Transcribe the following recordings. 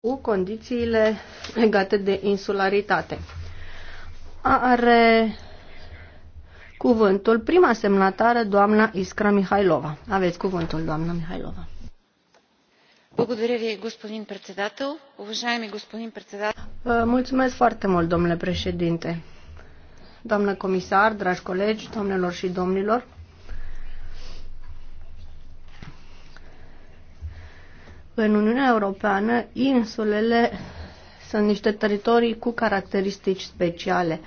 cu condițiile legate de insularitate. Are cuvântul prima semnatară, doamna Iskra Mihailova. Aveți cuvântul, doamna Mihailova. Mulțumesc foarte mult, domnule președinte. Doamnă comisar, dragi colegi, doamnelor și domnilor, În Uniunea Europeană, insulele sunt niște teritorii cu caracteristici speciale.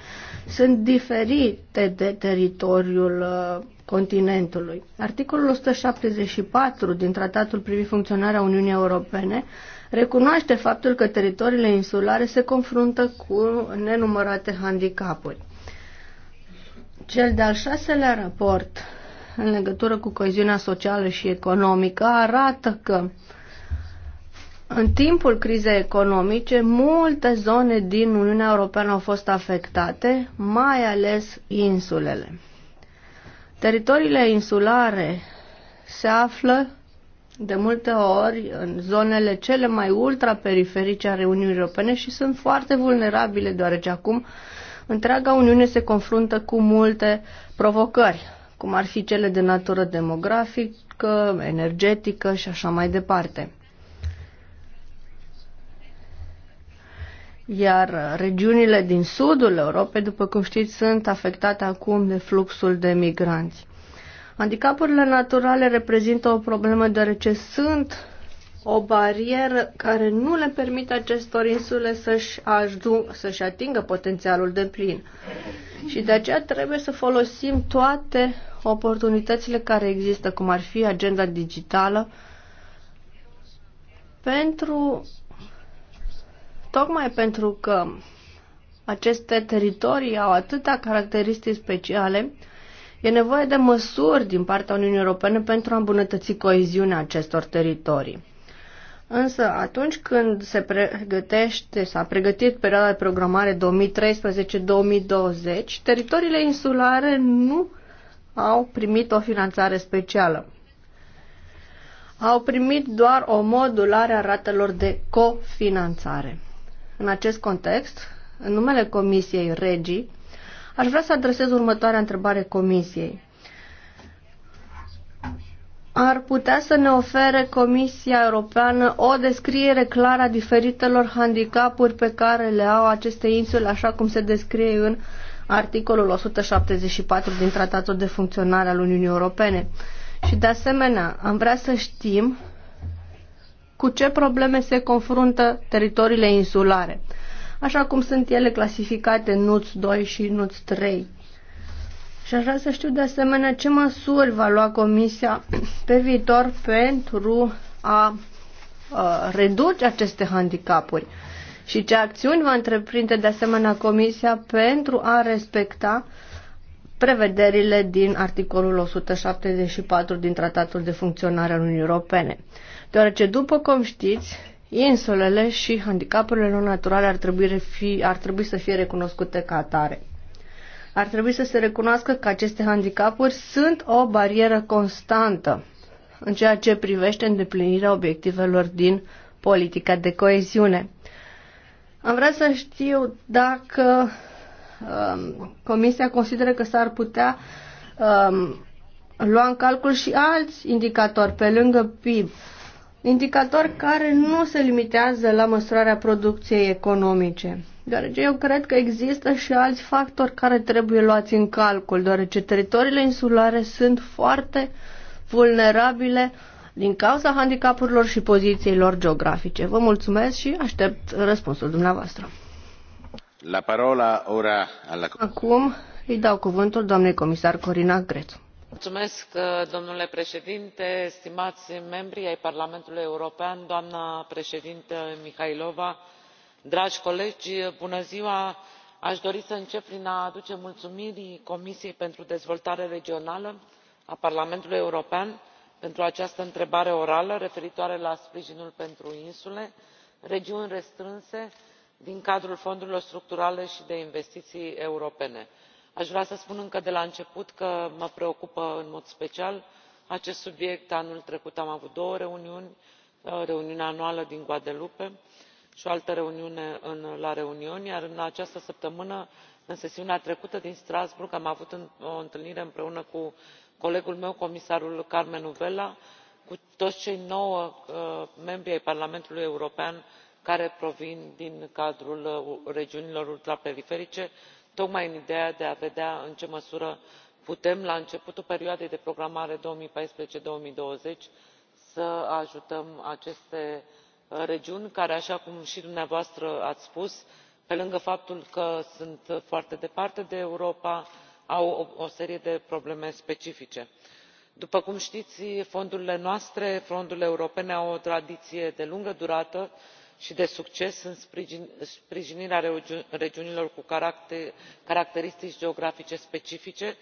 Sunt diferite de teritoriul uh, continentului. Articolul 174 din Tratatul privind funcționarea Uniunii Europene recunoaște faptul că teritoriile insulare se confruntă cu nenumărate handicapuri. Cel de-al șaselea raport în legătură cu coeziunea socială și economică arată că uh, în timpul crizei economice, multe zone din Uniunea Europeană au fost afectate, mai ales insulele. Teritoriile insulare se află de multe ori în zonele cele mai ultraperiferice ale Uniunii Europene și sunt foarte vulnerabile, deoarece acum întreaga Uniune se confruntă cu multe provocări, cum ar fi cele de natură demografică, energetică și așa mai departe. Iar regiunile din sudul Europei, după cum știți, sunt afectate acum de fluxul de migranți. Handicapurile naturale reprezintă o problemă deoarece sunt o barieră care nu le permite acestor insule să-și, să-și atingă potențialul de plin. Și de aceea trebuie să folosim toate oportunitățile care există, cum ar fi agenda digitală, pentru Tocmai pentru că aceste teritorii au atâtea caracteristici speciale, e nevoie de măsuri din partea Uniunii Europene pentru a îmbunătăți coeziunea acestor teritorii. Însă atunci când se pregătește, s-a pregătit perioada de programare 2013-2020, teritoriile insulare nu au primit o finanțare specială. Au primit doar o modulare a ratelor de cofinanțare. În acest context, în numele Comisiei Regii, aș vrea să adresez următoarea întrebare Comisiei. Ar putea să ne ofere Comisia Europeană o descriere clară a diferitelor handicapuri pe care le au aceste insule, așa cum se descrie în articolul 174 din Tratatul de Funcționare al Uniunii Europene. Și de asemenea, am vrea să știm cu ce probleme se confruntă teritoriile insulare, așa cum sunt ele clasificate în NUTS 2 și NUTS 3. Și aș vrea să știu de asemenea ce măsuri va lua Comisia pe viitor pentru a, a reduce aceste handicapuri și ce acțiuni va întreprinde de asemenea Comisia pentru a respecta uh, prevederile din articolul 174 din Tratatul de Funcționare al Uniunii Europene. Deoarece, după cum știți, insulele și handicapurile non-naturale ar trebui, fi, ar trebui să fie recunoscute ca atare. Ar trebui să se recunoască că aceste handicapuri sunt o barieră constantă în ceea ce privește îndeplinirea obiectivelor din politica de coeziune. Am vrea să știu dacă Um, Comisia consideră că s-ar putea um, lua în calcul și alți indicatori pe lângă PIB, indicatori care nu se limitează la măsurarea producției economice. Deoarece eu cred că există și alți factori care trebuie luați în calcul, deoarece teritoriile insulare sunt foarte vulnerabile din cauza handicapurilor și pozițiilor lor geografice. Vă mulțumesc și aștept răspunsul dumneavoastră. La parola ora alla... Acum îi dau cuvântul doamnei comisar Corina Crețu. Mulțumesc, uh, domnule președinte, stimați membri ai Parlamentului European, doamna președintă Mihailova, dragi colegi, bună ziua! Aș dori să încep prin a aduce mulțumiri Comisiei pentru Dezvoltare Regională a Parlamentului European pentru această întrebare orală referitoare la sprijinul pentru insule regiuni restrânse și din cadrul fondurilor structurale și de investiții europene. aș vrea să spun încă de la început că mă preocupă în mod special acest subiect anul trecut am avut două reuniuni uh, reuniunea anuală din guadeloupe și o altă reuniune la reunion iar în această săptămână în sesiunea trecută din strasbourg am avut o întâlnire împreună cu colegul meu comisarul carmenu vella cu toți cei nouă uh, membri ai parlamentului european care provin din cadrul uh, regiunilor ultraperiferice tocmai în ideea de a vedea în ce măsură putem la începutul perioadei de programare două mii paisprezece două mii douăzeci să ajutăm aceste uh, regiuni care așa cum și dumneavoastră ați spus pe lângă faptul că sunt foarte departe de europa au o serie de probleme specifice. după cum știți fondurile noastre fondurile europene au o tradiție de lungă durată și și de succes în sprijinirea regiunilor cu caracteristici geografice specifice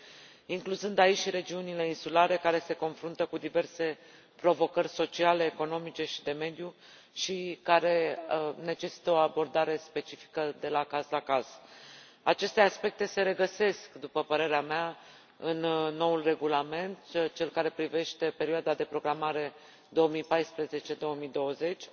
incluzând aici și regiunile insulare care se confruntă cu diverse provocări sociale economice și de mediu și care uh, necesită o abordare specifică de la caz la caz. aceste aspecte se regăsesc după părerea mea în uh, noul regulament uh, cel care privește perioada de programare două mii paisprezece două mii douăzeci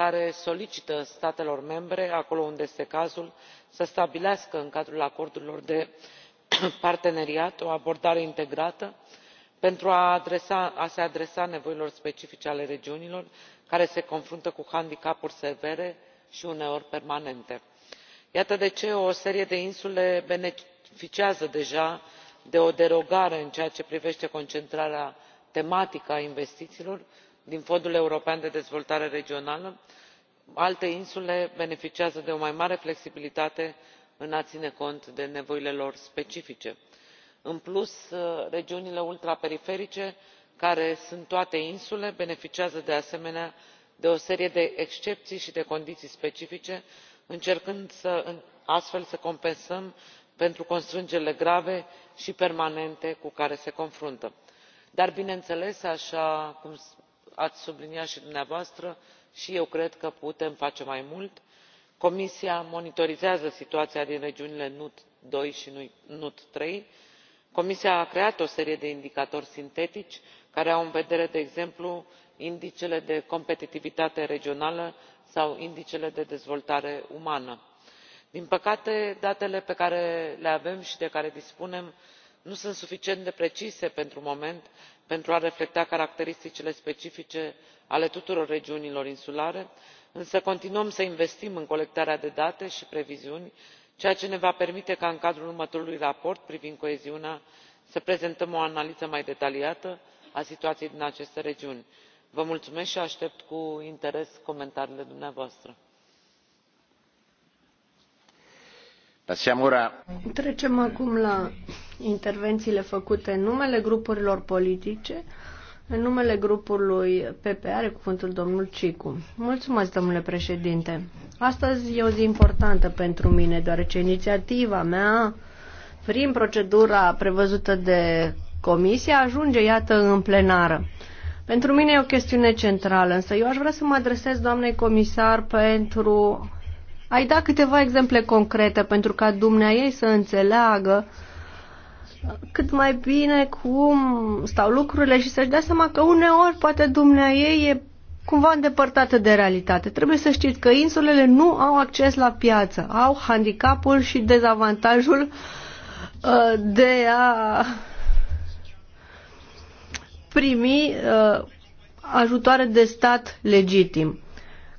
care solicită statelor membre acolo unde este cazul să stabilească în cadrul acordurilor de parteneriat o abordare integrată pentru a se adresa nevoilor specifice ale regiunilor care se confruntă cu handicapuri severe și uneori permanente. iată de ce o serie de insule beneficiază deja de o derogare în ceea ce privește concentrarea tematică a investițiilor din fondul european de dezvoltare regională alte insule beneficiază de o mai mare flexibilitate în a ține cont de nevoile lor specifice. în plus regiunile ultraperiferice care sunt toate insule beneficiază de asemenea de o serie de excepții și de condiții specifice încercând astfel să compensăm pentru constrângerile grave și permanente cu care se confruntă. dar bineînțeles așa cum ați subliniat și dumneavoastră și eu cred că putem face mai mult comisia monitorizează situația din regiunile NUT doi și NUT trei comisia a creat o serie de indicatori sintetici care au în vedere de exemplu indicele de competitivitate regională sau indicele de dezvoltare umană. din păcate datele pe care le avem și de care dispunem nu sunt suficient de precise pentru moment pentru a reflecta caracteristicile specifice ale tuturor regiunilor insulare însă continuăm să investim în colectarea de date și previziuni ceea ce ne va permite ca în cadrul următorului raport privind coeziunea să prezentăm o analiză mai detaliată a situației din aceste regiuni. vă mulțumesc și aștept cu interes comentariile dumneavoastră. trecem acum la intervențiile făcute în numele grupurilor politice. În numele grupului PPA, are cuvântul domnul Cicu. Mulțumesc, domnule președinte. Astăzi e o zi importantă pentru mine, deoarece inițiativa mea, prin procedura prevăzută de comisie, ajunge, iată, în plenară. Pentru mine e o chestiune centrală, însă eu aș vrea să mă adresez doamnei comisar pentru ai da câteva exemple concrete pentru ca dumnea ei să înțeleagă uh, cât mai bine cum stau lucrurile și să-și dea seama că uneori poate dumnea ei e cumva îndepărtată de realitate. Trebuie să știți că insulele nu au acces la piață, au handicapul și dezavantajul uh, de a primi uh, ajutoare de stat legitim.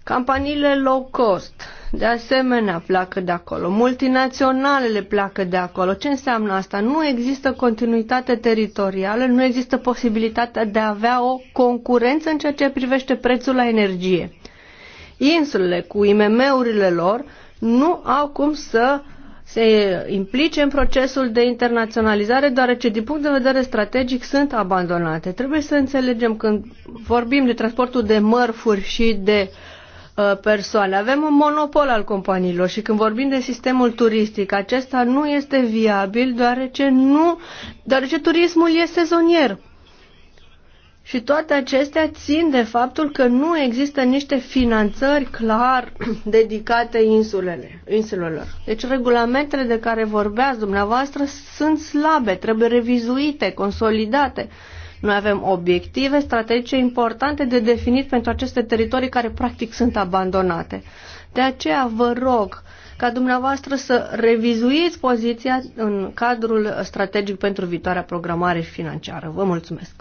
Campaniile low cost, uh, de asemenea pleacă de acolo, multinaționalele pleacă de acolo. Ce înseamnă asta? Nu există continuitate teritorială, nu există posibilitatea de a avea o concurență în ceea ce privește prețul la energie. Insulele cu IMM-urile lor nu au cum să se implice în procesul de internaționalizare, deoarece din punct de vedere strategic sunt abandonate. Trebuie să înțelegem când vorbim de transportul de mărfuri și de uh, Uh, persoane. Avem un monopol al companiilor și când vorbim de sistemul turistic, acesta nu este viabil deoarece, nu, deoarece turismul este sezonier. Și toate acestea țin de faptul că nu există niște finanțări clar dedicate insulele, insulelor. Deci regulamentele de care vorbeați dumneavoastră sunt slabe, trebuie revizuite, consolidate. Noi avem obiective strategice importante de definit pentru aceste teritorii care practic sunt abandonate. De aceea vă rog ca dumneavoastră să revizuiți poziția în cadrul strategic pentru viitoarea programare financiară. Vă mulțumesc!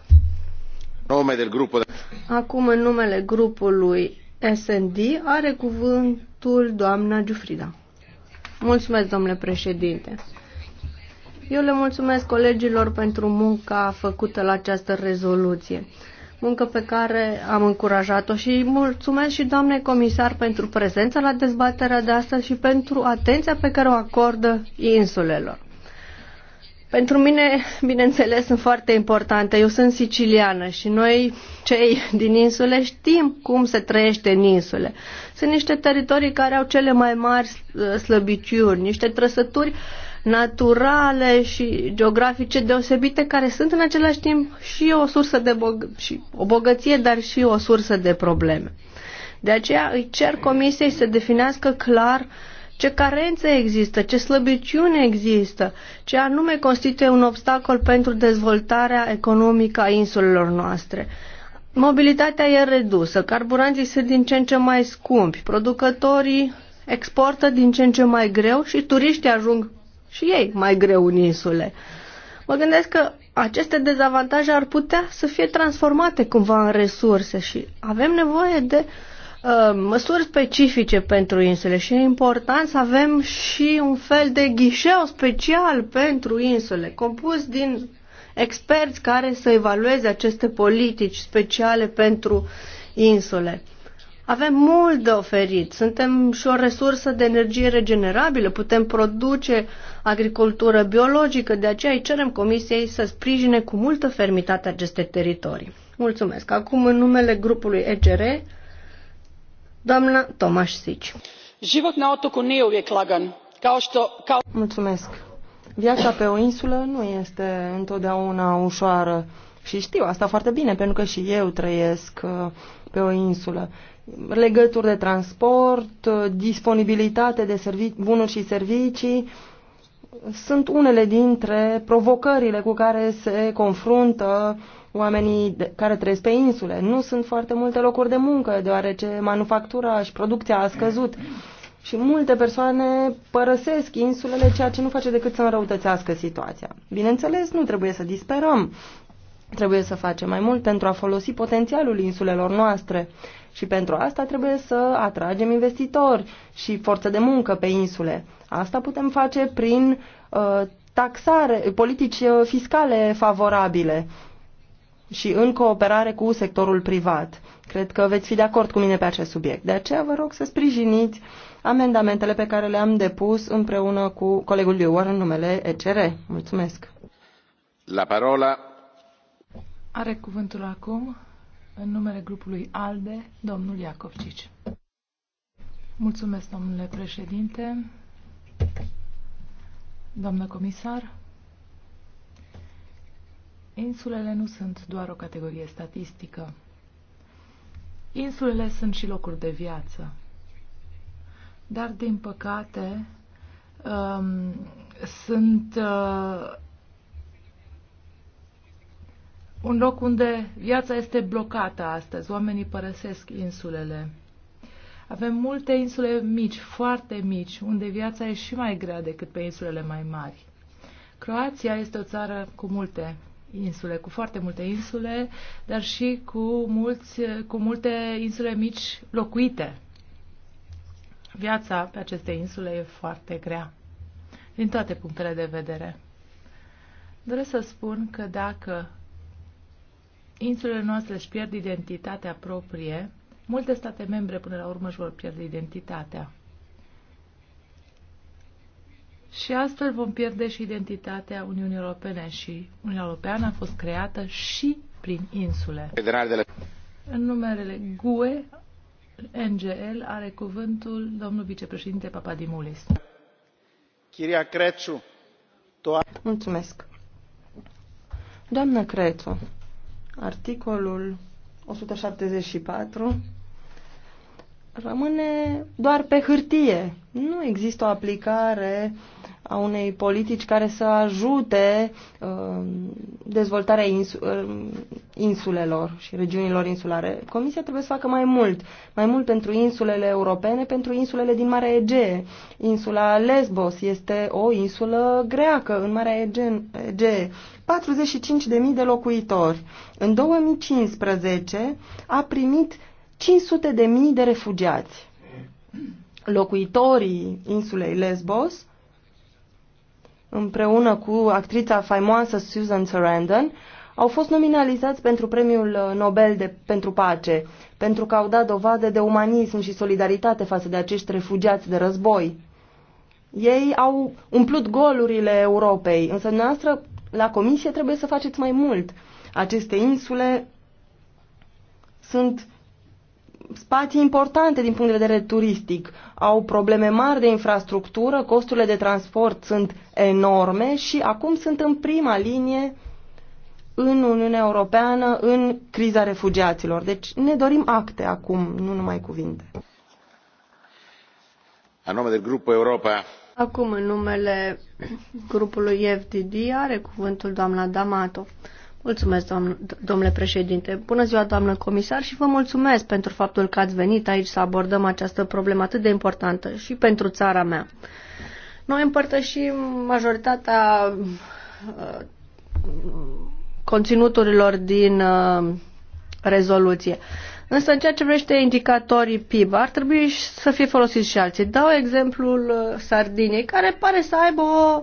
Acum, în numele grupului SND, are cuvântul doamna Giufrida. Mulțumesc, domnule președinte. Eu le mulțumesc colegilor pentru munca făcută la această rezoluție, muncă pe care am încurajat-o și mulțumesc și doamnei comisar pentru prezența la dezbaterea de astăzi și pentru atenția pe care o acordă insulelor. Pentru mine, bineînțeles, sunt foarte importante. Eu sunt siciliană și noi, cei din insule, știm cum se trăiește în insule. Sunt niște teritorii care au cele mai mari slăbiciuni, niște trăsături uh, naturale și geografice deosebite, care sunt în același timp și o sursă de bog- și o bogăție, dar și o sursă de probleme. De aceea îi cer comisiei să definească clar ce carențe există, ce slăbiciune există, ce anume constituie un obstacol pentru dezvoltarea economică a insulelor noastre. Mobilitatea e redusă, carburanții sunt din ce în ce mai scumpi, producătorii exportă din ce în ce mai greu și turiștii ajung și ei mai greu în insule. Mă gândesc că aceste dezavantaje ar putea să fie transformate cumva în resurse și avem nevoie de uh, măsuri specifice pentru insule și e important să avem și un fel de ghișeu special pentru insule, compus din experți care să evalueze aceste politici speciale pentru insule. Avem mult de oferit. Suntem și o resursă de energie regenerabilă. Putem produce agricultură biologică. De aceea îi cerem Comisiei să sprijine cu multă fermitate aceste teritorii. Mulțumesc. Acum, în numele grupului ECR, doamna Tomaș Sici. Život na otoku nije uvijek lagan. Kao što, kao... Mulțumesc. Viața pe o insulă nu este întotdeauna ușoară. Și știu asta foarte bine, pentru că și eu trăiesc uh, pe o insulă. Legături de transport, uh, disponibilitate de servici, bunuri și servicii sunt unele dintre provocările cu care se confruntă oamenii care trăiesc pe insule. Nu sunt foarte multe locuri de muncă, deoarece manufactura și producția a scăzut. Și multe persoane părăsesc insulele, ceea ce nu face decât să înrăutățească situația. Bineînțeles, nu trebuie să disperăm. Trebuie să facem mai mult pentru a folosi potențialul insulelor noastre și pentru asta trebuie să atragem investitori și forță de muncă pe insule. Asta putem face prin uh, taxare, politici uh, fiscale favorabile și în cooperare cu sectorul privat. Cred că veți fi de acord cu mine pe acest subiect. De aceea vă rog să sprijiniți amendamentele pe care le-am depus împreună cu colegul Liuar în numele ECR. Mulțumesc. La parola are cuvântul acum, în numele grupului ALDE, domnul Iacovcici. Mulțumesc, domnule președinte, doamnă comisar. Insulele nu sunt doar o categorie statistică. Insulele sunt și locuri de viață. Dar, din păcate, um, sunt uh, un loc unde viața este blocată astăzi, oamenii părăsesc insulele. Avem multe insule mici, foarte mici, unde viața e și mai grea decât pe insulele mai mari. Croația este o țară cu multe insule, cu foarte multe insule, dar și cu, mulți, cu multe insule mici locuite. Viața pe aceste insule e foarte grea, din toate punctele de vedere. Doresc să spun că dacă insulele noastre își pierd identitatea proprie, multe state membre până la urmă își vor pierde identitatea. Și astfel vom pierde și identitatea Uniunii Europene și Uniunea Europeană a fost creată și prin insule. În numerele GUE, NGL, are cuvântul domnul vicepreședinte Papadimulis. Chiria Crețu. Mulțumesc. Doamnă Crețu, articolul 174 rămâne doar pe hârtie. Nu există o aplicare a unei politici care să ajute uh, dezvoltarea uh, insulelor și regiunilor insulare. Comisia trebuie să facă mai mult, mai mult pentru insulele europene, pentru insulele din Marea Egee. Insula Lesbos este o insulă greacă în Marea Egee. 45.000 de locuitori. În 2015 a primit 500.000 de refugiați. Locuitorii insulei Lesbos împreună cu actrița faimoasă Susan Sarandon, au fost nominalizați pentru Premiul uh, Nobel de, pentru Pace, pentru că au dat dovadă de umanism și solidaritate față de acești refugiați de război. Ei au umplut golurile Europei, însă noastră, la Comisie, trebuie să faceți mai mult. Aceste insule sunt spații importante din punct de vedere turistic. Au probleme mari de infrastructură, costurile de transport sunt enorme și acum sunt în prima linie în Uniunea Europeană în criza refugiaților. Deci ne dorim acte acum, nu numai cuvinte. A nume de grupul Europa. Acum, în numele grupului FDD, are cuvântul doamna Damato. Mulțumesc, doamnă, domnule președinte. Bună ziua, doamnă comisar, și vă mulțumesc pentru faptul că ați venit aici să abordăm această problemă atât de importantă și pentru țara mea. Noi împărtășim majoritatea uh, conținuturilor din uh, rezoluție. Însă, în ceea ce vrește indicatorii PIB, ar trebui să fie folosiți și alții. Dau exemplul uh, Sardiniei, care pare să aibă o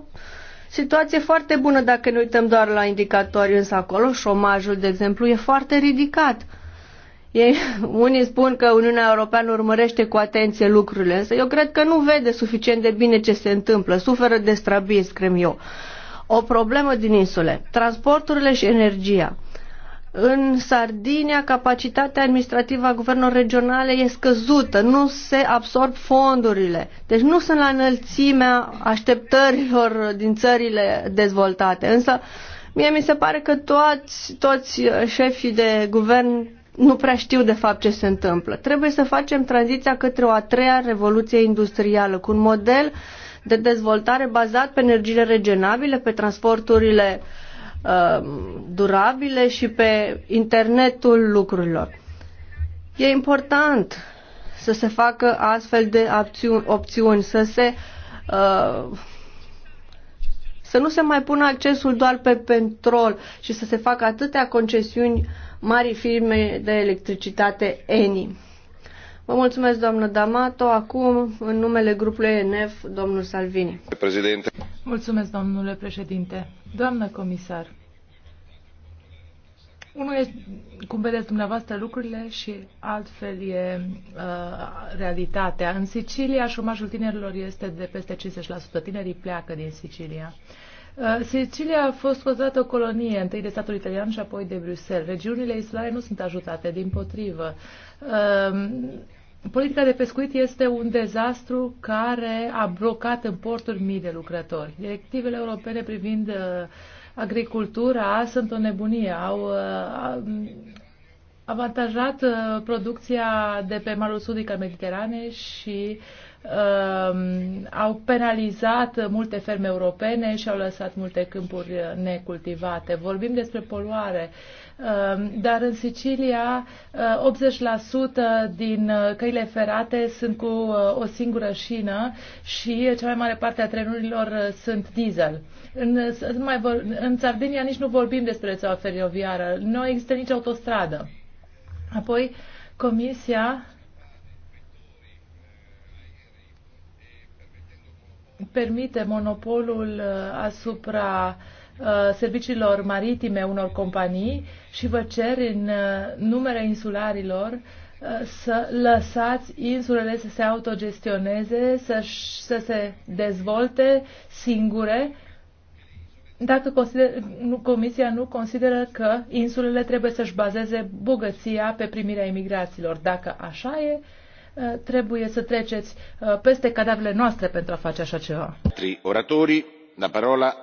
situație foarte bună dacă ne uităm doar la indicatori, însă acolo șomajul, de exemplu, e foarte ridicat. Ei, unii spun că Uniunea Europeană urmărește cu atenție lucrurile, însă eu cred că nu vede suficient de bine ce se întâmplă, suferă de strabism, cred eu. O problemă din insule, transporturile și energia. În Sardinia, capacitatea administrativă a guvernelor regionale e scăzută, nu se absorb fondurile. Deci nu sunt la înălțimea așteptărilor din țările dezvoltate. Însă, mie mi se pare că toți, toți șefii de guvern nu prea știu de fapt ce se întâmplă. Trebuie să facem tranziția către o a treia revoluție industrială, cu un model de dezvoltare bazat pe energiile regenerabile, pe transporturile uh, Uh, durabile și pe internetul lucrurilor. E important să se facă astfel de opțiuni, să se uh, să nu se mai pună accesul doar pe petrol și să se facă atâtea concesiuni mari firme de electricitate ENI. Vă mulțumesc, doamnă Damato. Acum, în numele grupului ENF, domnul Salvini. Președinte. Mulțumesc, domnule președinte. Doamnă comisar, unul e cum vedeți dumneavoastră lucrurile și altfel e uh, realitatea. În Sicilia șomajul tinerilor este de peste 50%. Tinerii pleacă din Sicilia. Uh, Sicilia a fost considerată o colonie, întâi de statul italian și apoi de Bruxelles. Regiunile insulare nu sunt ajutate, din potrivă. Uh, Politica de pescuit este un dezastru care a blocat în porturi mii de lucrători. Directivele europene privind uh, agricultura sunt o nebunie, au uh, avantajat uh, producția de pe malul sudic al Mediteranei și uh, au penalizat multe ferme europene și au lăsat multe câmpuri necultivate. Vorbim despre poluare, uh, dar în Sicilia uh, 80% din uh, căile ferate sunt cu uh, o singură șină și cea mai mare parte a trenurilor uh, sunt diesel. În, în, mai vor, în Sardinia nici nu vorbim despre rețeaua feroviară, nu există nici autostradă. Apoi, Comisia permite monopolul uh, asupra uh, serviciilor maritime unor companii și vă cer în uh, numele insularilor să lăsați insulele să se autogestioneze, să, să se dezvolte singure dacă consider, nu, Comisia nu consideră că insulele trebuie să-și bazeze bogăția pe primirea imigraților. Dacă așa e, uh, trebuie să treceți uh, peste cadavrele noastre pentru a face așa ceva. Trei la parola.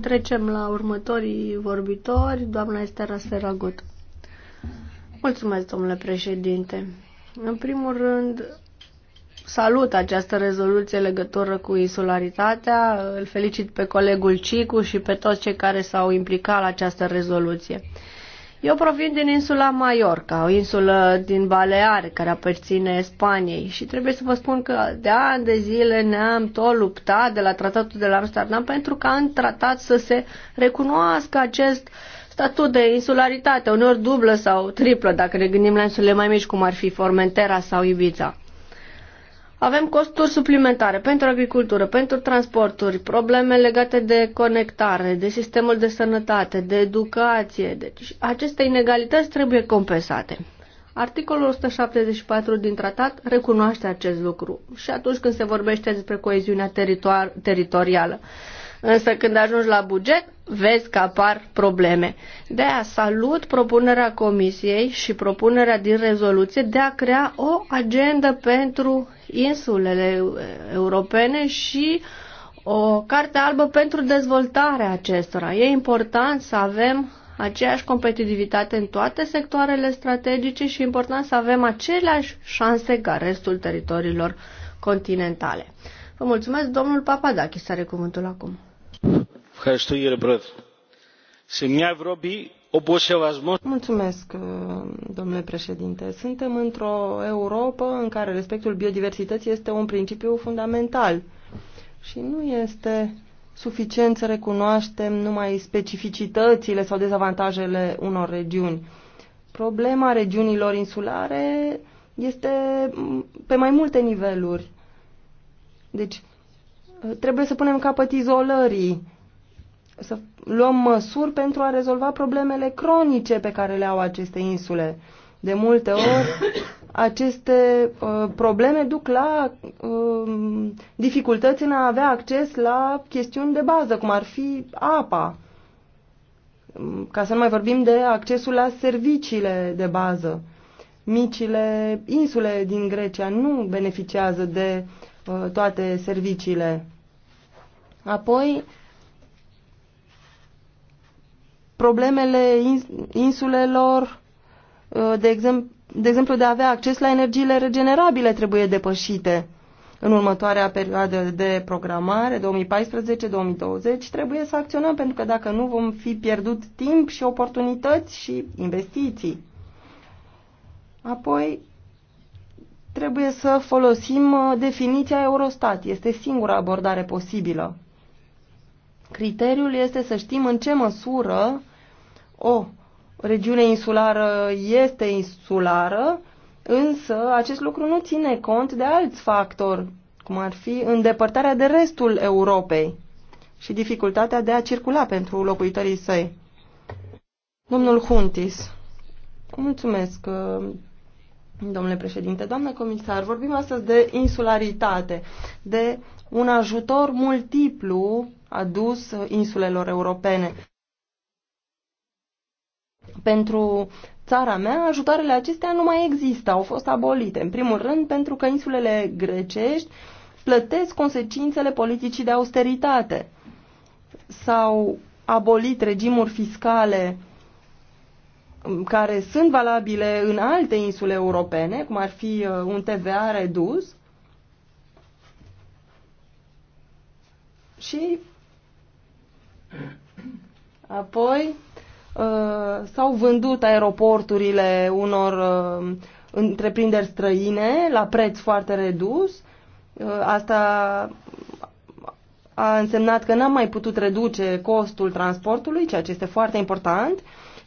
Trecem la următorii vorbitori. Doamna Estera Sferagut. Mulțumesc, domnule președinte. În primul rând, salut această rezoluție legătură cu insularitatea. Îl felicit pe colegul Cicu și pe toți cei care s-au implicat la această rezoluție. Eu provin din insula Mallorca, o insulă din Baleare care aparține Spaniei și trebuie să vă spun că de ani de zile ne-am tot luptat de la tratatul de la Amsterdam pentru ca în tratat să se recunoască acest statut de insularitate, uneori dublă sau triplă, dacă ne gândim la insule mai mici, cum ar fi Formentera sau Ibiza avem costuri suplimentare pentru agricultură, pentru transporturi, probleme legate de conectare, de sistemul de sănătate, de educație. Deci aceste inegalități trebuie compensate. Articolul 174 din tratat recunoaște acest lucru și atunci când se vorbește despre coeziunea teritorială. Însă când ajungi la buget, vezi că apar probleme. De aia salut propunerea Comisiei și propunerea din rezoluție de a crea o agendă pentru insulele europene și o carte albă pentru dezvoltarea acestora. E important să avem aceeași competitivitate în toate sectoarele strategice și important să avem aceleași șanse ca restul teritoriilor continentale. Vă mulțumesc, domnul Papadakis are cuvântul acum. Mulțumesc, Mulțumesc, domnule președinte. Suntem într-o Europa în care respectul biodiversității este un principiu fundamental și nu este suficient să recunoaștem numai specificitățile sau dezavantajele unor regiuni. Problema regiunilor insulare este pe mai multe niveluri. Deci, trebuie să punem capăt izolării să luăm măsuri pentru a rezolva problemele cronice pe care le au aceste insule. De multe ori, aceste uh, probleme duc la uh, dificultăți în a avea acces la chestiuni de bază, cum ar fi apa, um, ca să nu mai vorbim de accesul la serviciile de bază. Micile insule din Grecia nu beneficiază de uh, toate serviciile. Apoi, problemele insulelor, uh, de exemplu, de exemplu, de a avea acces la energiile regenerabile trebuie depășite. În următoarea perioadă de programare, 2014-2020, trebuie să acționăm, pentru că dacă nu vom fi pierdut timp și oportunități și investiții. Apoi, trebuie să folosim uh, definiția Eurostat. Este singura abordare posibilă. Criteriul este să știm în ce măsură o regiune insulară este insulară, însă acest lucru nu ține cont de alți factori, cum ar fi îndepărtarea de restul Europei și dificultatea de a circula pentru locuitorii săi. Domnul Huntis, mulțumesc, uh, domnule președinte, doamnă comisar, vorbim astăzi de insularitate, de un ajutor multiplu adus insulelor europene. Pentru țara mea, ajutoarele acestea nu mai există, au fost abolite. În primul rând, pentru că insulele grecești plătesc consecințele politicii de austeritate. S-au abolit regimuri fiscale um, care sunt valabile în alte insule europene, cum ar fi uh, un TVA redus, și apoi Uh, s-au vândut aeroporturile unor uh, întreprinderi străine la preț foarte redus. Uh, asta a însemnat că n-am mai putut reduce costul transportului, ceea ce este foarte important,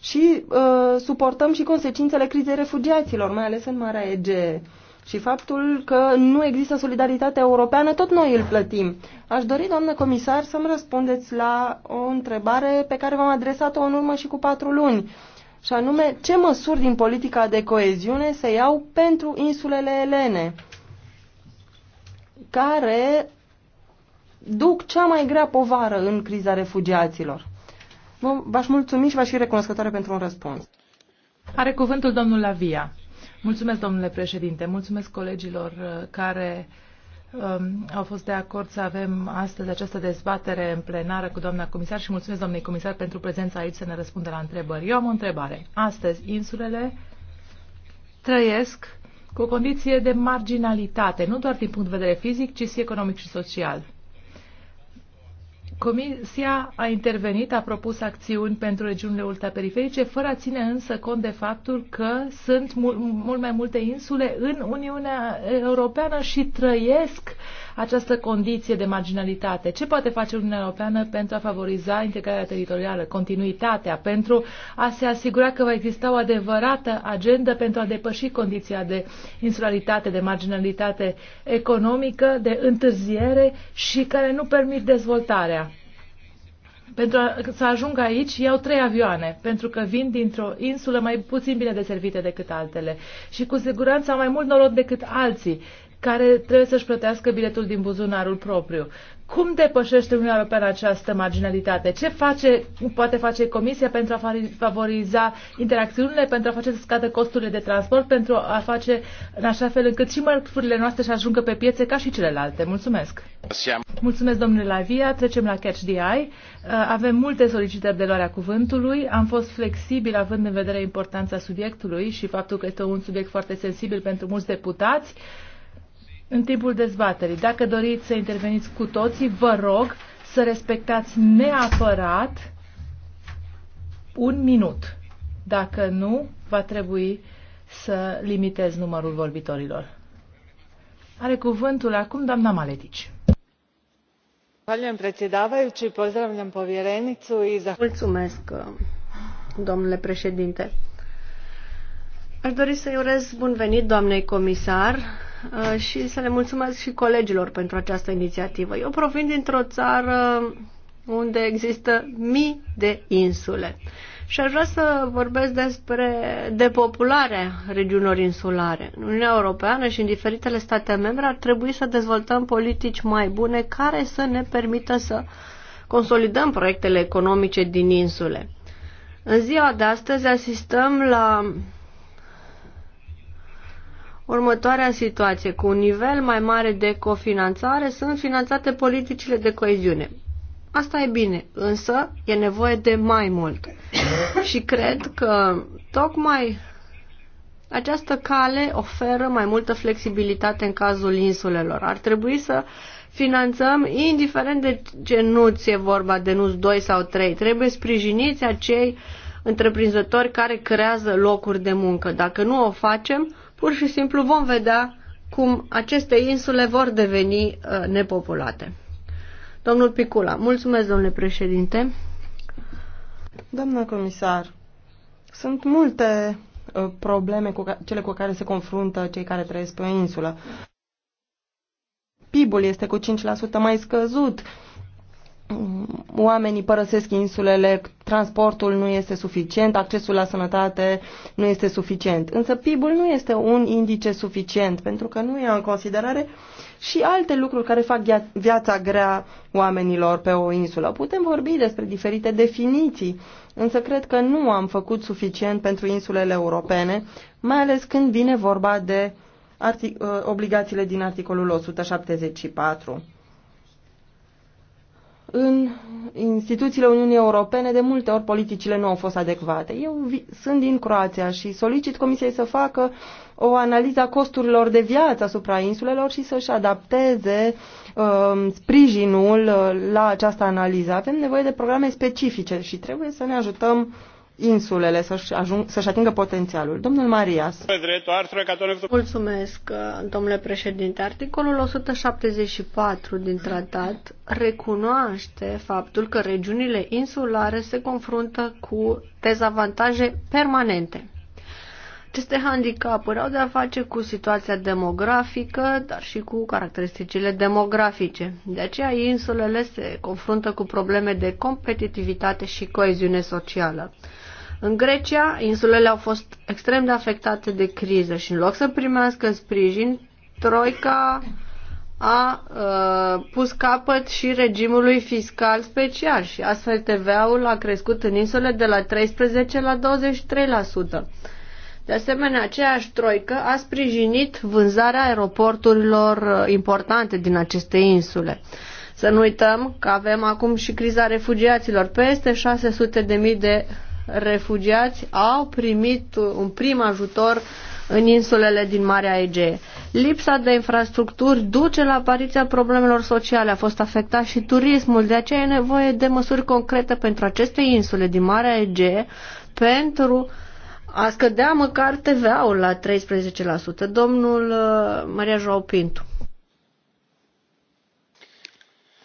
și uh, suportăm și consecințele crizei refugiaților, mai ales în Marea Egee. Uh, și faptul că nu există solidaritate europeană, tot noi îl plătim. Aș dori, doamnă comisar, să-mi răspundeți la o întrebare pe care v-am adresat-o în urmă și cu patru luni. Și anume, ce măsuri din politica de coeziune se iau pentru insulele elene, care duc cea mai grea povară în criza refugiaților? V-aș mulțumi și v-aș fi recunoscătoare pentru un răspuns. Are cuvântul domnul Lavia. Mulțumesc, domnule președinte. Mulțumesc colegilor uh, care um, au fost de acord să avem astăzi această dezbatere în plenară cu doamna comisar și mulțumesc domnului comisar pentru prezența aici să ne răspundă la întrebări. Eu am o întrebare. Astăzi, insulele trăiesc cu o condiție de marginalitate, nu doar din punct de vedere fizic, ci și economic și social. Comisia a intervenit, a propus acțiuni pentru regiunile ultraperiferice, fără a ține însă cont de faptul că sunt mul, mult mai multe insule în Uniunea Europeană și trăiesc această condiție de marginalitate. Ce poate face Uniunea Europeană pentru a favoriza integrarea teritorială, continuitatea, pentru a se asigura că va exista o adevărată agendă pentru a depăși condiția de insularitate, de marginalitate economică, de întârziere și care nu permit dezvoltarea? Pentru a, să ajung aici, iau trei avioane, pentru că vin dintr-o insulă mai puțin bine deservită decât altele și cu siguranță am mai mult noroc decât alții care trebuie să-și plătească biletul din buzunarul propriu. Cum depășește Uniunea Europeană această marginalitate? Ce face, poate face Comisia pentru a favoriza interacțiunile, pentru a face să scadă costurile de transport, pentru a face în așa fel încât și mărfurile noastre să ajungă pe piețe ca și celelalte? Mulțumesc! Mulțumesc, domnule Lavia. Trecem la Catch the Eye. Uh, avem multe solicitări de luarea cuvântului. Am fost flexibil având în vedere importanța subiectului și faptul că este un subiect foarte sensibil pentru mulți deputați în timpul dezbaterii. Dacă doriți să interveniți cu toții, vă rog să respectați neapărat un minut. Dacă nu, va trebui să limitez numărul vorbitorilor. Are cuvântul acum doamna Maletici. Mulțumesc, domnule președinte. Aș dori să-i urez bun venit doamnei comisar Uh, și să le mulțumesc și colegilor pentru această inițiativă. Eu provin dintr-o țară unde există mii de insule. Și aș vrea să vorbesc despre depopularea regiunilor insulare. În Uniunea Europeană și în diferitele state membre ar trebui să dezvoltăm politici mai bune care să ne permită să consolidăm proiectele economice din insule. În ziua de astăzi asistăm la următoarea situație. Cu un nivel mai mare de cofinanțare sunt finanțate politicile de coeziune. Asta e bine, însă e nevoie de mai mult. Și cred că tocmai această cale oferă mai multă flexibilitate în cazul insulelor. Ar trebui să finanțăm, indiferent de ce nuți e vorba, de nuți 2 sau 3. Trebuie sprijiniți acei întreprinzători care creează locuri de muncă. Dacă nu o facem, pur și simplu vom vedea cum aceste insule vor deveni uh, nepopulate. Domnul Picula, mulțumesc, domnule președinte. Doamna comisar, sunt multe uh, probleme cu cele cu care se confruntă cei care trăiesc pe o insulă. PIB-ul este cu 5% mai scăzut, oamenii părăsesc insulele, transportul nu este suficient, accesul la sănătate nu este suficient. Însă PIB-ul nu este un indice suficient, pentru că nu ia în considerare și alte lucruri care fac viața grea oamenilor pe o insulă. Putem vorbi despre diferite definiții, însă cred că nu am făcut suficient pentru insulele europene, mai ales când vine vorba de uh, obligațiile din articolul 174 în instituțiile Uniunii Europene de multe ori politicile nu au fost adecvate. Eu sunt din Croația și solicit Comisiei să facă o analiză a costurilor de viață asupra insulelor și să-și adapteze uh, sprijinul uh, la această analiză. Avem nevoie de programe specifice și trebuie să ne ajutăm insulele să-și, ajung, să-și atingă potențialul. Domnul Marias. Mulțumesc, domnule președinte. Articolul 174 din tratat recunoaște faptul că regiunile insulare se confruntă cu dezavantaje permanente. Aceste handicapuri au de a face cu situația demografică, dar și cu caracteristicile demografice. De aceea, insulele se confruntă cu probleme de competitivitate și coeziune socială. În Grecia, insulele au fost extrem de afectate de criză și în loc să primească sprijin, Troica a uh, pus capăt și regimului fiscal special și astfel TVA-ul a crescut în insule de la 13 la 23%. De asemenea, aceeași troică a sprijinit vânzarea aeroporturilor uh, importante din aceste insule. Să nu uităm că avem acum și criza refugiaților. Peste 600.000 de refugiați au primit un prim ajutor în insulele din Marea Egee. Lipsa de infrastructuri duce la apariția problemelor sociale. A fost afectat și turismul, de aceea e nevoie de măsuri concrete pentru aceste insule din Marea Egee pentru a scădea măcar TVA-ul la 13%. Domnul uh, Maria Joao Pinto.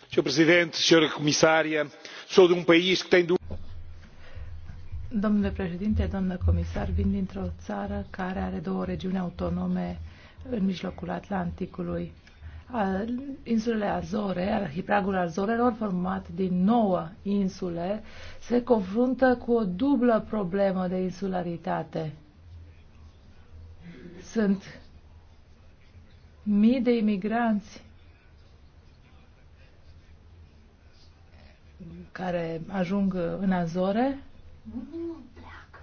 Senhor Presidente, Senhora Comissária, sou de um país que tem duas. Domnule președinte, domnule comisar, vin dintr-o țară care are două regiuni autonome în mijlocul Atlanticului. Insulele Azore, arhipelagul Azorelor, format din nouă insule, se confruntă cu o dublă problemă de insularitate. Sunt mii de imigranți care ajung în Azore nu pleacă.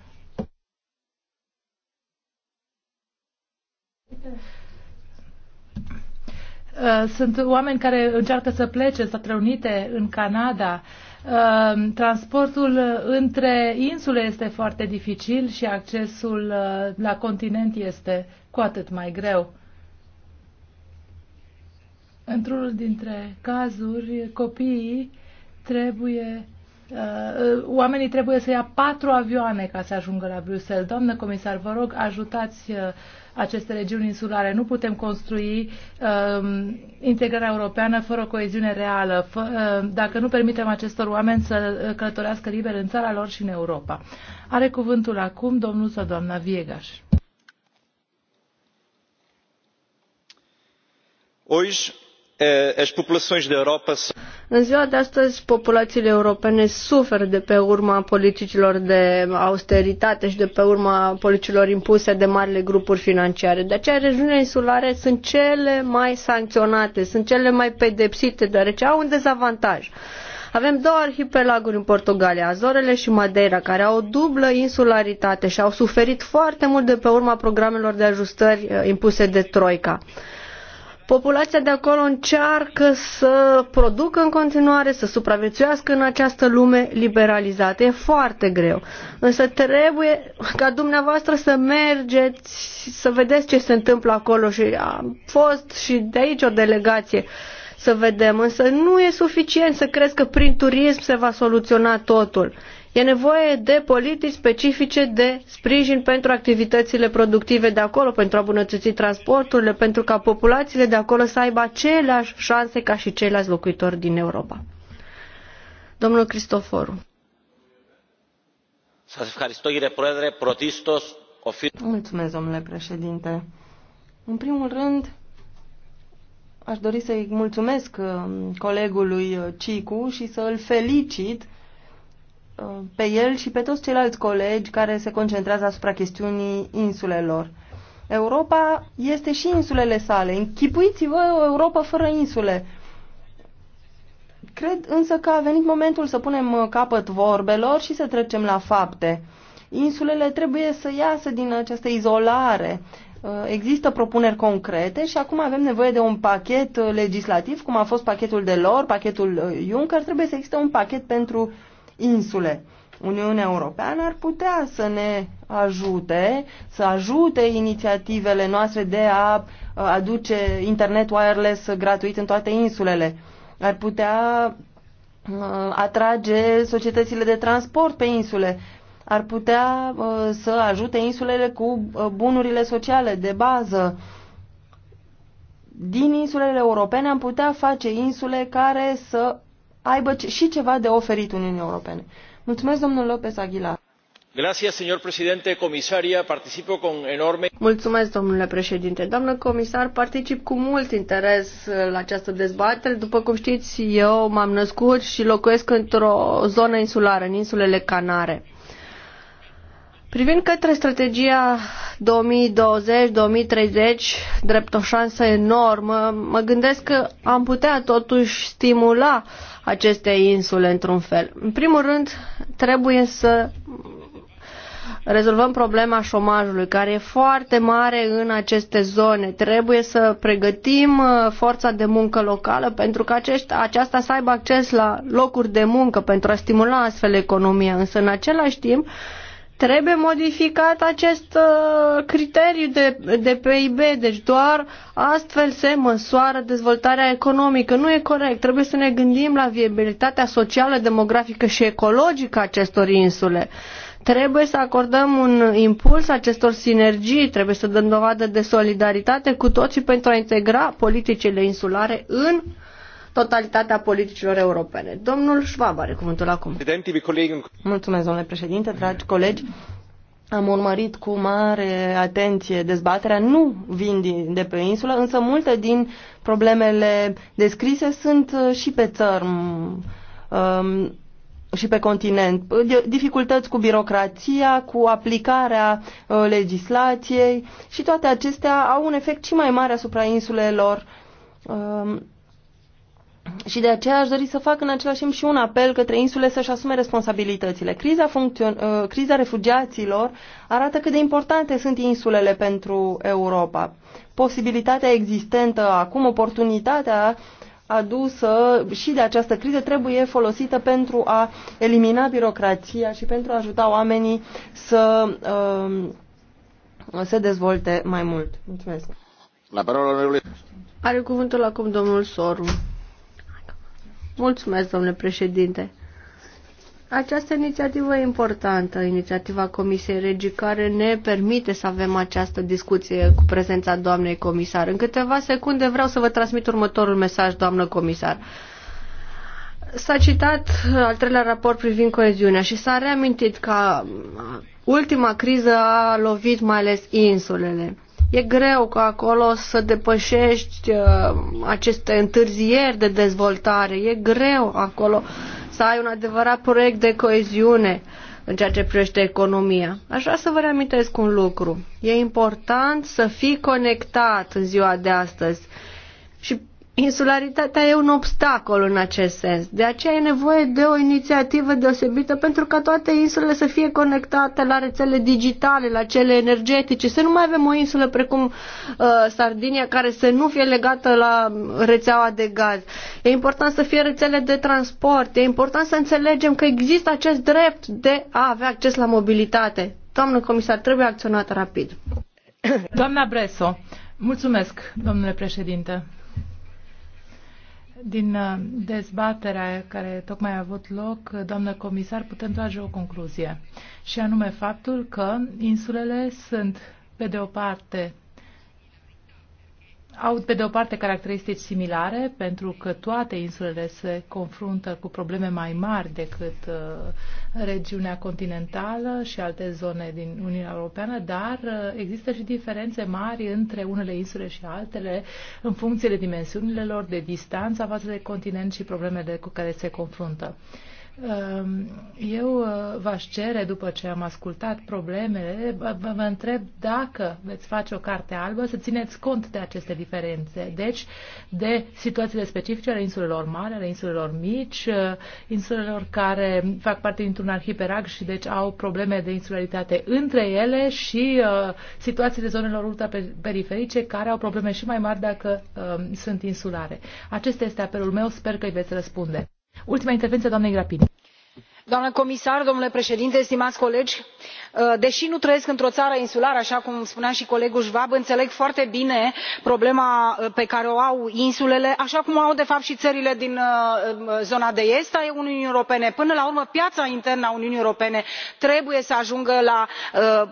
Uh, sunt oameni care încearcă să plece să trăunite Unite, în Canada. Uh, transportul între insule este foarte dificil și accesul uh, la continent este cu atât mai greu. Într-unul dintre cazuri, copiii trebuie Uh, oamenii trebuie să ia patru avioane ca să ajungă la Bruxelles. Doamnă comisar, vă rog, ajutați uh, aceste regiuni insulare. Nu putem construi um, integrarea europeană fără o coeziune reală, fă, uh, dacă nu permitem acestor oameni să uh, călătorească liber în țara lor și în Europa. Are cuvântul acum domnul sau doamna Viegaș. Hoje Eh, da în ziua de astăzi, populațiile europene suferă de pe urma politicilor de austeritate și de pe urma politicilor impuse de marile grupuri financiare. De aceea, regiunile insulare sunt cele mai sancționate, sunt cele mai pedepsite, deoarece au un dezavantaj. Avem două arhipelaguri în Portugalia, Azorele și Madeira, care au o dublă insularitate și au suferit foarte mult de pe urma programelor de ajustări eh, impuse de Troica. Populația de acolo încearcă să producă în continuare, să supraviețuiască în această lume liberalizată. E foarte greu. Însă trebuie ca dumneavoastră să mergeți, să vedeți ce se întâmplă acolo și a fost și de aici o delegație să vedem, însă nu e suficient să crezi că prin turism se va soluționa totul. E nevoie de politici specifice de sprijin pentru activitățile productive de acolo, pentru a bunătăți transporturile, pentru ca populațiile de acolo să aibă aceleași șanse ca și ceilalți locuitori din Europa. Domnul Cristoforu. Mulțumesc, domnule președinte. În primul rând, aș dori să-i mulțumesc uh, colegului uh, Cicu și să îl felicit Uh, pe el și pe toți ceilalți colegi care se concentrează asupra chestiunii insulelor. Europa este și insulele sale. Închipuiți-vă o Europa fără insule. Cred însă că a venit momentul să punem uh, capăt vorbelor și să trecem la fapte. Insulele trebuie să iasă din această izolare. Uh, există propuneri concrete și acum avem nevoie de un pachet legislativ, cum a fost pachetul de lor, pachetul Juncker. Trebuie să existe un pachet pentru uh, insule. Uniunea Europeană ar putea să ne ajute, să ajute inițiativele noastre de a aduce internet wireless gratuit în toate insulele. Ar putea atrage societățile de transport pe insule. Ar putea să ajute insulele cu bunurile sociale de bază. Din insulele europene am putea face insule care să aibă și ceva de oferit Uniunii Europene. Mulțumesc, domnul López Aguilar. Gracias, señor presidente, comisaria, participo con enorme... Mulțumesc, domnule președinte. Doamnă comisar, particip cu mult interes la această dezbatere. După cum știți, eu m-am născut și locuiesc într-o zonă insulară, în insulele Canare. Privind către strategia 2020-2030, drept o șansă enormă, mă gândesc că am putea totuși stimula uh, aceste insule într-un fel. În primul rând, trebuie să rezolvăm problema șomajului, care e foarte mare în aceste zone. Trebuie să pregătim uh, forța de muncă locală pentru că aceștia, aceasta să aibă acces la locuri de muncă pentru a stimula astfel economia. Însă, în același timp, uh, Trebuie modificat acest uh, criteriu de, de PIB, deci doar astfel se măsoară dezvoltarea economică. Nu e corect, trebuie să ne gândim la viabilitatea socială, demografică și ecologică a acestor insule. Trebuie să acordăm un impuls acestor sinergii, trebuie să dăm dovadă de solidaritate cu toții pentru a integra politicile insulare în uh, totalitatea politicilor europene. Domnul Schwab are cuvântul acum. Mulțumesc, domnule președinte, dragi colegi. Am urmărit cu mare atenție dezbaterea. Nu vin din, de pe insulă, însă multe din problemele descrise sunt uh, și pe țărm um, și pe continent. Dificultăți cu birocrația, cu aplicarea uh, legislației și toate acestea au un efect și mai mare asupra insulelor. Um, și de aceea aș dori să fac în același timp și un apel către insule să-și asume responsabilitățile. Criza, funcțion- uh, criza refugiaților arată cât de importante sunt insulele pentru Europa. Posibilitatea existentă acum, oportunitatea adusă și de această criză trebuie folosită pentru a elimina birocrația și pentru a ajuta oamenii să uh, um, se dezvolte mai mult. Mulțumesc. La parola, Are cuvântul acum domnul Soru. Mulțumesc, domnule președinte. Această inițiativă e importantă, inițiativa Comisiei Regii, care ne permite să avem această discuție cu prezența doamnei comisar. În câteva secunde vreau să vă transmit următorul mesaj, doamnă comisar. S-a citat al treilea raport privind coeziunea și s-a reamintit că ultima criză a lovit mai ales insulele. E greu ca acolo să depășești uh, aceste întârzieri de dezvoltare. E greu acolo să ai un adevărat proiect de coeziune în ceea ce privește economia. Aș vrea să vă reamintesc un lucru. E important să fii conectat în ziua de astăzi. Și Insularitatea e un obstacol în acest sens. De aceea e nevoie de o inițiativă deosebită pentru ca toate insulele să fie conectate la rețele digitale, la cele energetice, să nu mai avem o insulă precum uh, Sardinia care să nu fie legată la rețeaua de gaz. E important să fie rețele de transport, e important să înțelegem că există acest drept de a avea acces la mobilitate. Doamnă comisar, trebuie acționat rapid. Doamna Breso, mulțumesc, domnule președinte. Din uh, dezbaterea care tocmai a avut loc, uh, doamnă comisar, putem trage o concluzie, și anume faptul că insulele sunt, pe de o parte, au, pe de o parte, caracteristici similare, pentru că toate insulele se confruntă cu probleme mai mari decât uh, regiunea continentală și alte zone din Uniunea Europeană, dar uh, există și diferențe mari între unele insule și altele în funcție de dimensiunile lor, de distanța față de continent și problemele cu care se confruntă. Uh, Ehm, eu eh, v-aș cere, după ce am ascultat problemele, vă întreb dacă veți face o carte albă, să țineți cont de aceste diferențe. Deci, de situațiile specifice ale insulelor mari, ale insulelor mici, eh, insulelor care fac parte dintr-un arhipelag și deci au probleme de insularitate între ele și uh, situațiile zonelor ultraperiferice care au probleme și mai mari dacă uh, sunt insulare. Acesta este apelul meu, sper că îi veți răspunde. Ultima intervenție, doamnei Grapini doamnă comisar domnule președinte stimați colegi uh, deși nu trăiesc într o țară insulară așa cum spunea și colegul schwab înțeleg foarte bine problema uh, pe care o au insulele așa cum o au de fapt și țările din uh, zona de est a uniunii europene. până la urmă piața internă a uniunii europene trebuie să ajungă la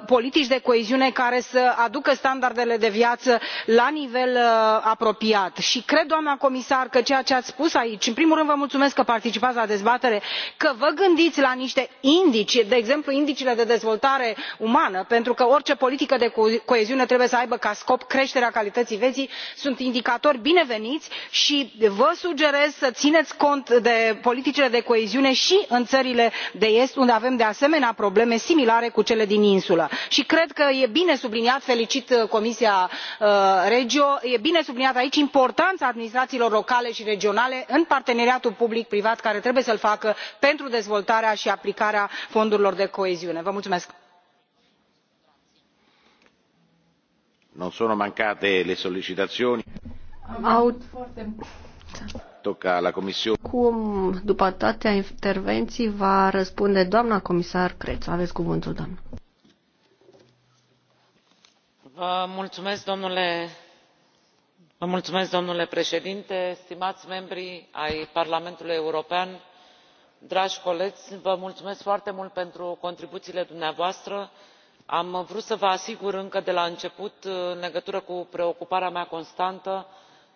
politici de coeziune care să aducă standardele de viață la nivel apropiat și cred doamnă comisar că ceea ce ați spus aici în primul rând vă mulțumesc că participați la dezbatere că vă gândiți gândiți la niște indici de exemplu indicele de dezvoltare umană pentru că orice politică de coeziune trebuie să aibă ca scop creșterea calității vieții sunt indicatori bineveniți și vă sugerez să țineți cont de politicile de coeziune și în țările de est unde avem de asemenea probleme similare cu cele din insulă și cred că e bine subliniat felicit uh, comisia uh, regio e bine subliniat aici importanța administrațiilor locale și regionale în parteneriatul public privat care trebuie să l facă pentru dezvoltarea executarea și aplicarea fondurilor de coeziune. vă mulțumesc. non sono mancate le sollecitazioni. tocca alla commissione. cum după atâtea intervenții va răspunde doamna comisar crețu. aveți cuvântul doamnă. Vă mulțumesc, domnule... vă mulțumesc domnule președinte stimați membri ai parlamentului european dragi colegi vă mulțumesc foarte mult pentru contribuțiile dumneavoastră. am vrut să vă asigur încă de la început în legătură cu preocuparea mea constantă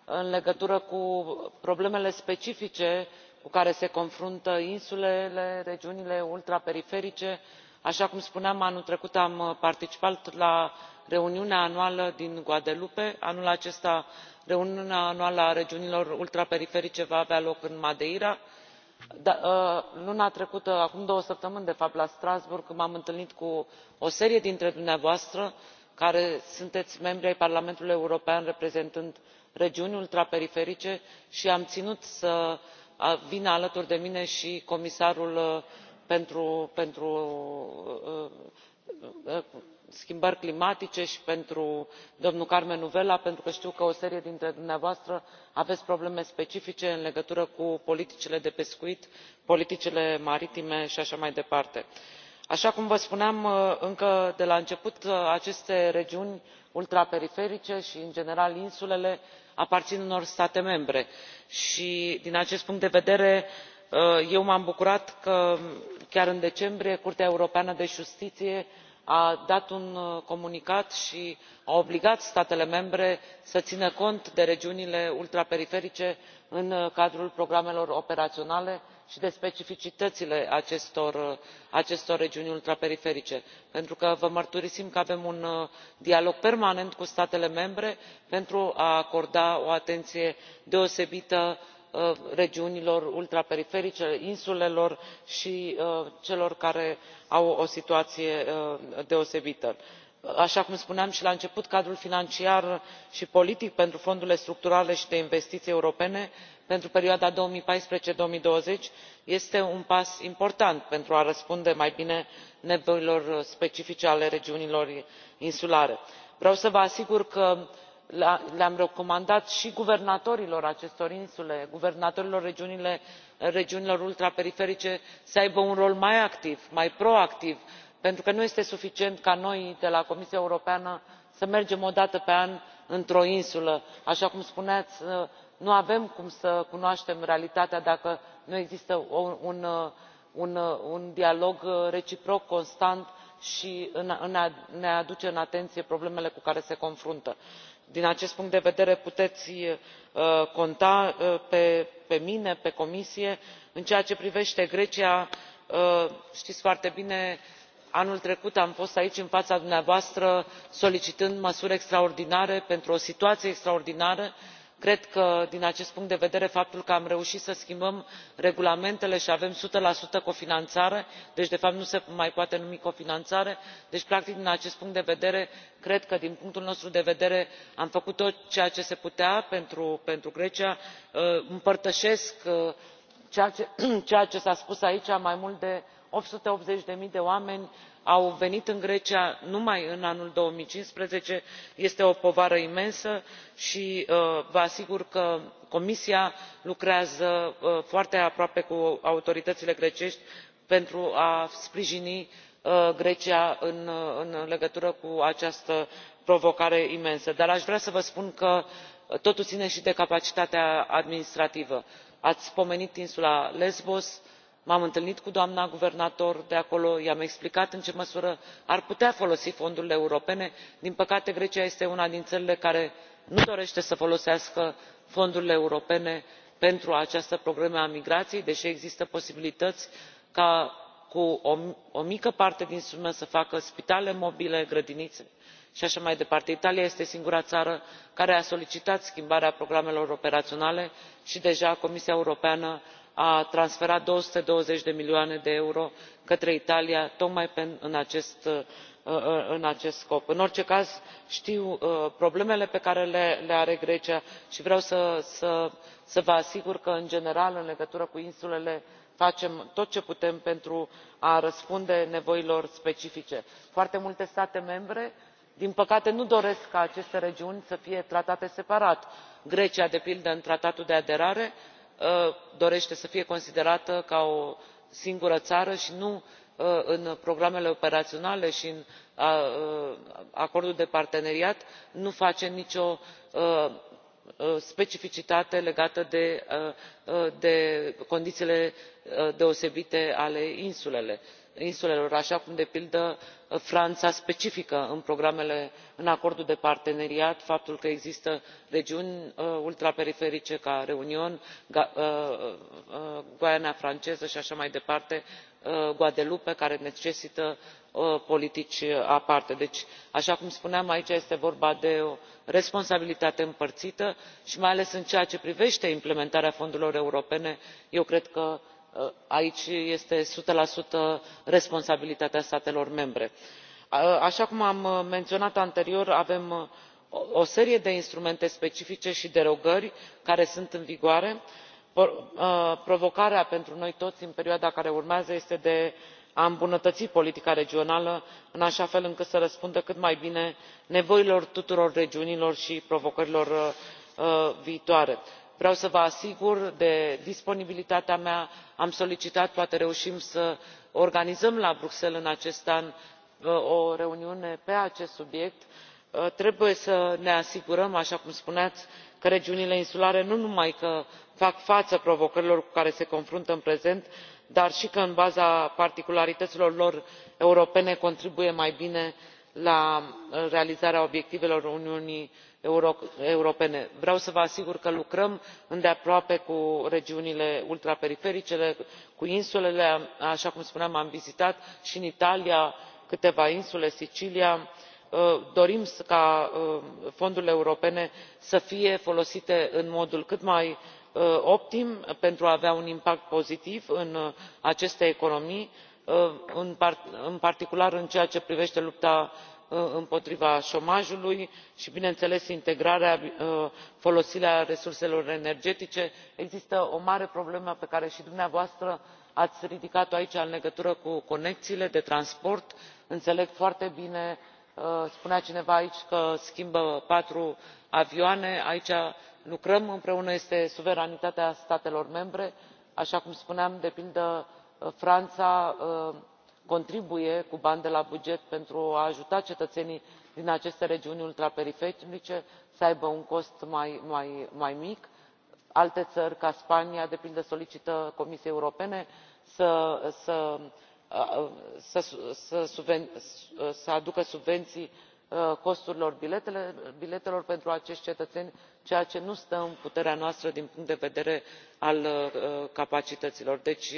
în legătură cu problemele specifice cu care se confruntă insulele regiunile ultraperiferice așa cum spuneam anul trecut am participat la reuniunea anuală din guadeloupe anul acesta reuniunea anuală a regiunilor ultraperiferice va avea loc în madeira da, ă, luna trecută acum două săptămâni de fapt la strasbourg m am întâlnit cu o serie dintre dumneavoastră care sunteți membri ai parlamentului european reprezentând regiuni ultraperiferice și am ținut să vină alături de mine și comisarul ă, pentru ă, schimbări climatice și pentru domnul carmenu vella pentru că știu că o serie dintre dumneavoastră aveți probleme specifice în legătură cu politicile de pescuit politicile maritime și așa mai departe. așa cum vă spuneam uh, încă de la început uh, aceste regiuni ultraperiferice și în general insulele aparțin unor state membre și din acest punct de vedere uh, eu m am bucurat că chiar în decembrie curtea europeană de justiție a dat un uh, comunicat și a obligat statele membre să țină cont de regiunile ultraperiferice în uh, cadrul programelor operaționale și de specificitățile uh, acestor regiuni ultraperiferice pentru că vă mărturisim că avem un dialog permanent cu statele membre pentru a acorda o atenție deosebită Uh, regiunilor ultraperiferice insulelor și uh, celor care au o situație uh, deosebită. așa cum spuneam și la început cadrul financiar și politic pentru fondurile structurale și de investiții europene pentru perioada două mii paisprezece două mii douăzeci este un pas important pentru a răspunde mai bine nevoilor specifice ale regiunilor insulare. vreau să vă asigur că le am recomandat și guvernatorilor acestor insule guvernatorilor regiunilor ultraperiferice să aibă un rol mai activ mai proactiv pentru că nu este suficient ca noi de la comisia europeană să mergem o dată pe an într o insulă așa cum spuneați ă, nu avem cum să cunoaștem realitatea dacă nu există ă, ă, un dialog reciproc constant și ne aduce în atenție problemele cu care se confruntă din acest punct de vedere puteți uh, conta uh, pe mine pe comisie. în ceea ce privește grecia uh, știți foarte bine anul trecut am fost aici în fața dumneavoastră solicitând măsuri extraordinare pentru o situație extraordinară și cred că din acest punct de vedere faptul că am reușit să schimbăm regulamentele și avem o sută cofinanțare deci de fapt nu se mai poate numi cofinanțare deci practic din acest punct de vedere cred că din punctul nostru de vedere am făcut tot ceea ce se putea pentru grecia ă, împărtășesc ă, ceea ce s a spus aici mai mult de opt sute optzeci zero de oameni au venit în grecia numai în anul două mii cincisprezece este o povară imensă și uh, vă asigur că comisia lucrează uh, foarte aproape cu autoritățile grecești pentru a sprijini uh, grecia în legătură cu această provocare imensă dar aș vrea să vă spun că totul ține și de capacitatea administrativă ați pomenit insula lesbos m am întâlnit cu doamna guvernator de acolo i am explicat în ce măsură ar putea folosi fondurile europene din păcate grecia este una din țările care nu dorește să folosească fondurile europene pentru această problemă a migrației deși există posibilități ca cu o mică parte din sumă să facă spitale mobile grădinițe și așa mai departe. italia este singura țară care a solicitat schimbarea programelor operaționale și deja comisia europeană a transferat două sute douăzeci de milioane de euro către italia tocmai uh, uh, în acest scop. în orice caz știu uh, problemele pe care le are grecia și vreau să vă asigur că în general în legătură cu insulele facem tot ce putem pentru a răspunde nevoilor specifice. foarte multe state membre din păcate nu doresc ca aceste regiuni să fie tratate separat grecia de pildă în tratatul de aderare Uh, dorește să fie considerată ca o singură țară și nu uh, în programele operaționale și în uh, acordul de parteneriat nu face nicio specificitate legată de condițiile deosebite ale insulelor insulelor așa cum de pildă franța specifică în acordul de parteneriat faptul că există regiuni uh, ultraperiferice ca reunion uh, uh, guyana franceză și așa mai departe guadeloupe care necesită politici aparte. deci așa cum spuneam aici este vorba de o responsabilitate împărțită și mai ales în ceea ce privește implementarea fondurilor europene eu cred că Ă, aici este o sută responsabilitatea statelor membre. Ă, așa cum am menționat anterior avem o serie de instrumente specifice și derogări care sunt în vigoare. Ă, provocarea pentru noi toți în perioada care urmează este de a îmbunătăți politica regională în așa fel încât să răspundă cât mai bine nevoilor tuturor regiunilor și provocărilor viitoare vreau să vă asigur de disponibilitatea mea am solicitat poate reușim să organizăm la bruxelles în acest an uh, o reuniune pe acest subiect uh, trebuie să ne asigurăm așa cum spuneați că regiunile insulare nu numai că fac față provocărilor cu care se confruntă în prezent dar și că în baza particularităților lor europene contribuie mai bine la uh, realizarea obiectivelor uniunii europene. vreau să vă asigur că lucrăm îndeaproape cu regiunile ultraperiferice cu insulele așa cum spuneam am vizitat și în italia câteva insule sicilia dorim ca uh, fondurile europene să fie folosite în modul cât mai uh, optim pentru a avea un impact pozitiv în uh, aceste economii în particular în ceea ce privește lupta Uh, împotriva șomajului și bineînțeles integrarea uh, folosirea resurselor energetice există o mare problemă pe care și dumneavoastră ați ridicat o aici în legătură cu conexiile de transport înțeleg foarte bine uh, spunea cineva aici că schimbă patru avioane aici lucrăm împreună este suveranitatea statelor membre așa cum spuneam de pildă franța contribuie cu bani de la buget pentru a ajuta cetățenii din aceste regiuni ultraperiferice să aibă un cost mai mic alte țări ca spania de pildă solicită comisiei europene să aducă subvenții uh, costurilor biletelor pentru acești cetățeni ceea ce nu stă în puterea noastră din punct de vedere al uh, capacităților deci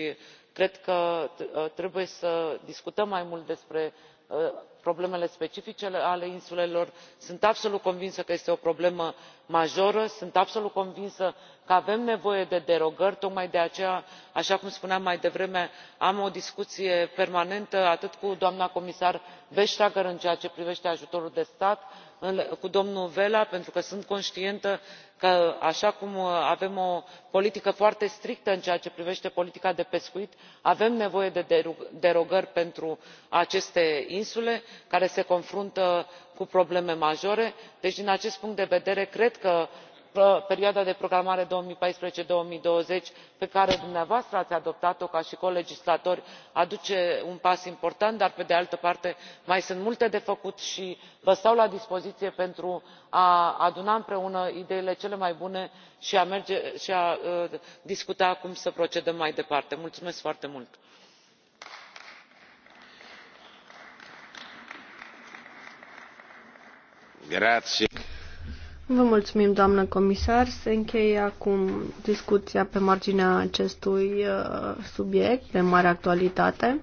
cred că ă, trebuie să discutăm mai mult despre ă, problemele specifice ale insulelor sunt absolut convinsă că este o problemă majoră sunt absolut convinsă că avem nevoie de derogări tocmai de aceea așa cum spuneam mai devreme am o discuție permanentă atât cu doamna comisar vestager în ceea ce privește ajutorul de stat cât și cu domnul vella pentru că sunt conștientă că așa cum avem o politică foarte strictă în ceea ce privește politica de pescuit avem nevoie de derogări pentru aceste insule care se confruntă cu probleme majore deci din acest punct de vedere cred că perioada de programare două mii paisprezece două mii douăzeci pe care dumneavoastră ați adoptat o ca și colegislatori aduce un pas important dar pe de altă parte mai sunt multe de făcut și vă stau la dispoziție pentru a aduna împreună ideile cele mai bune și a ă, discuta cum să procedăm mai departe. mulțumesc foarte mult. Vă mulțumim, doamnă comisar. Se încheie acum discuția pe marginea acestui uh, subiect de mare actualitate.